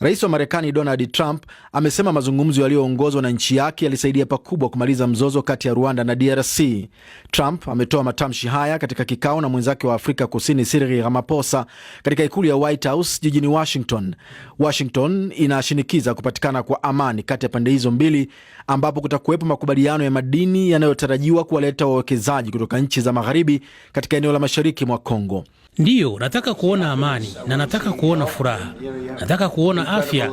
Rais wa Marekani Donald Trump amesema mazungumzo yaliyoongozwa na nchi yake yalisaidia pakubwa kumaliza mzozo kati ya Rwanda na DRC. Trump ametoa matamshi haya katika kikao na mwenzake wa Afrika Kusini Cyril Ramaphosa katika ikulu ya White House jijini Washington. Washington inashinikiza kupatikana kwa amani kati ya pande hizo mbili, ambapo kutakuwepo makubaliano ya madini yanayotarajiwa kuwaleta wawekezaji kutoka nchi za magharibi katika eneo la mashariki mwa congo Ndiyo, nataka kuona amani na nataka kuona furaha, nataka kuona afya,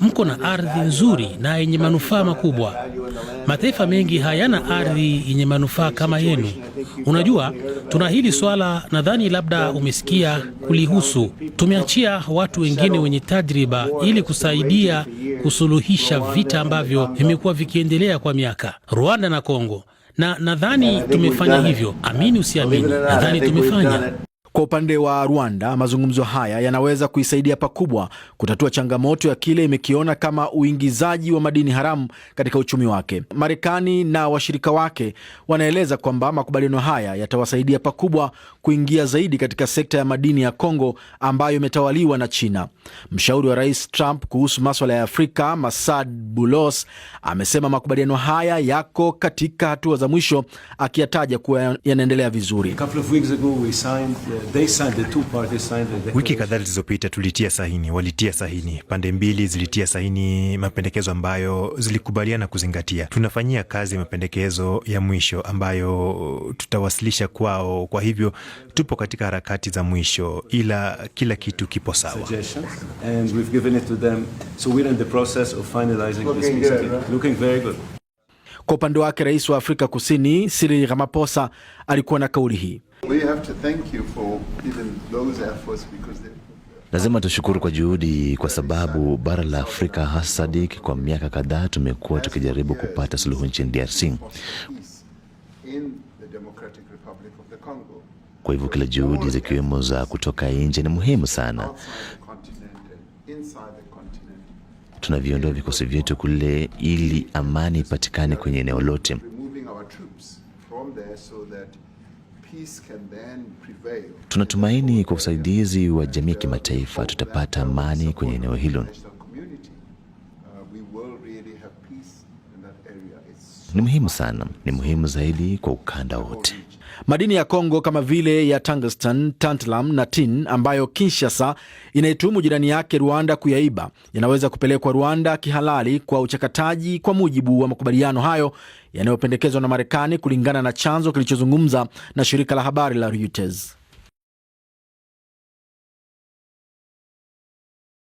mko na ardhi nzuri na yenye manufaa makubwa. Mataifa mengi hayana ardhi yenye manufaa kama yenu. Unajua, tuna hili swala, nadhani labda umesikia kulihusu. Tumeachia watu wengine wenye tajriba ili kusaidia kusuluhisha vita ambavyo vimekuwa vikiendelea kwa miaka, Rwanda na Kongo, na nadhani tumefanya hivyo. Amini usiamini, nadhani tumefanya kwa upande wa Rwanda, mazungumzo haya yanaweza kuisaidia pakubwa kutatua changamoto ya kile imekiona kama uingizaji wa madini haramu katika uchumi wake. Marekani na washirika wake wanaeleza kwamba makubaliano haya yatawasaidia pakubwa kuingia zaidi katika sekta ya madini ya Kongo ambayo imetawaliwa na China. Mshauri wa Rais Trump kuhusu maswala ya Afrika, Masad Bulos, amesema makubaliano haya yako katika hatua za mwisho, akiyataja kuwa yanaendelea vizuri. Wiki kadhaa zilizopita tulitia sahini, walitia sahini, pande mbili zilitia sahini mapendekezo ambayo zilikubaliana kuzingatia. Tunafanyia kazi mapendekezo ya mwisho ambayo tutawasilisha kwao. Kwa hivyo tupo katika harakati za mwisho, ila kila kitu kipo sawa. Kwa upande wake, rais wa Afrika Kusini Cyril Ramaphosa alikuwa na kauli hii. Lazima tushukuru kwa juhudi, kwa sababu bara la Afrika hasadik, kwa miaka kadhaa tumekuwa tukijaribu kupata suluhu nchini DRC. Kwa hivyo kila juhudi zikiwemo za kutoka nje ni muhimu sana. Tunaviondoa vikosi vyetu kule ili amani ipatikane kwenye eneo lote. Tunatumaini kwa usaidizi wa jamii ya kimataifa tutapata amani kwenye eneo hilo ni muhimu sana, ni muhimu zaidi kwa ukanda wote. Madini ya Kongo kama vile ya tungsten, tantalum na tin ambayo Kinshasa inaituhumu jirani yake Rwanda kuyaiba yanaweza kupelekwa Rwanda kihalali kwa uchakataji kwa mujibu wa makubaliano hayo yanayopendekezwa na Marekani, kulingana na chanzo kilichozungumza na shirika la habari la Reuters.